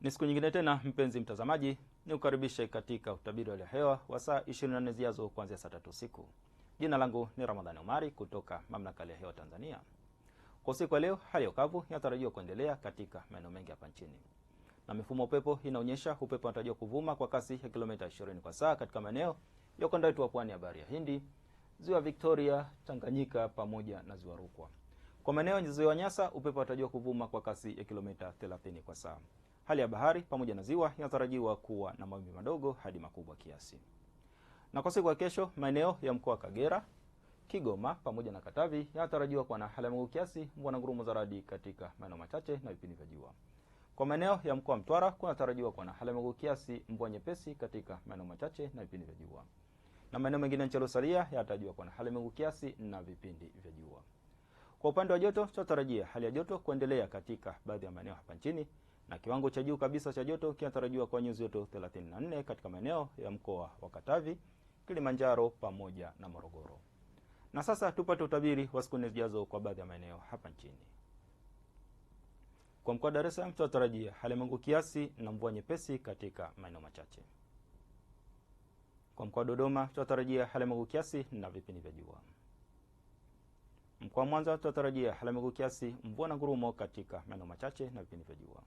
Ni siku nyingine tena mpenzi mtazamaji, ni kukaribishe katika utabiri wa hewa wa saa 24 zijazo kuanzia saa tatu usiku. Jina langu ni Ramadhani umari kutoka Mamlaka ya Hewa Tanzania. Kwa usiku wa leo, hali ya ukavu inatarajiwa kuendelea katika maeneo mengi hapa nchini, na mifumo upepo inaonyesha upepo unatarajiwa kuvuma kwa kasi ya kilomita 20 kwa saa katika maeneo ya ukanda wetu wa pwani ya bahari ya Hindi, ziwa Victoria, Tanganyika pamoja na ziwa Rukwa. Kwa maeneo ya ziwa Nyasa, upepo unatarajiwa kuvuma kwa kasi ya kilomita 30 kwa saa. Hali ya bahari pamoja na ziwa inatarajiwa kuwa na mawimbi madogo hadi makubwa kiasi. Na kwa siku ya kesho, maeneo ya mkoa wa Kagera, Kigoma pamoja na Katavi yanatarajiwa kuwa na hali ya mawingu kiasi, mvua na ngurumo za radi katika maeneo machache na vipindi vya jua. Kwa maeneo ya mkoa wa Mtwara kunatarajiwa kuwa na hali ya mawingu kiasi, mvua nyepesi katika maeneo machache na vipindi vya jua. Na maeneo mengine ya nchi yaliyosalia yanatarajiwa kuwa na hali ya mawingu kiasi na vipindi vya jua. Kwa upande wa joto, tunatarajia hali ya joto kuendelea katika baadhi ya maeneo hapa nchini na kiwango cha juu kabisa cha joto kinatarajiwa kwa nyuzi joto 34 katika maeneo ya mkoa wa Katavi, Kilimanjaro pamoja na Morogoro. Na sasa tupate utabiri wa siku nne zijazo kwa baadhi ya maeneo hapa nchini. Kwa mkoa wa Dar es Salaam tunatarajia hali ya mawingu kiasi na mvua nyepesi katika maeneo machache. Kwa mkoa wa Dodoma tunatarajia hali ya mawingu kiasi na vipindi vya jua. Kwa Mwanza tunatarajia hali ya kiasi, mvua na ngurumo katika maeneo machache na vipindi vya jua.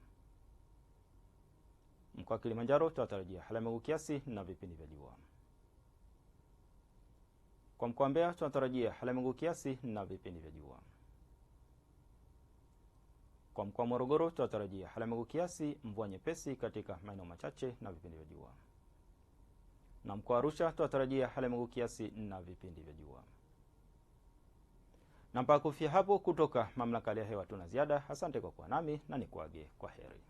Mkoa wa Kilimanjaro tunatarajia hali ya kiasi na vipindi vya jua. Kwa mkoa wa Mbeya tunatarajia hali ya kiasi na vipindi vya jua. Kwa mkoa wa Morogoro tunatarajia hali ya mawingu kiasi, mvua nyepesi katika maeneo machache na vipindi vya jua. Na mkoa wa Arusha tunatarajia hali ya kiasi na vipindi vya jua na mpaka hapo, kutoka mamlaka ya hewa tuna ziada. Asante kwa kuwa nami na nikuage kwa heri.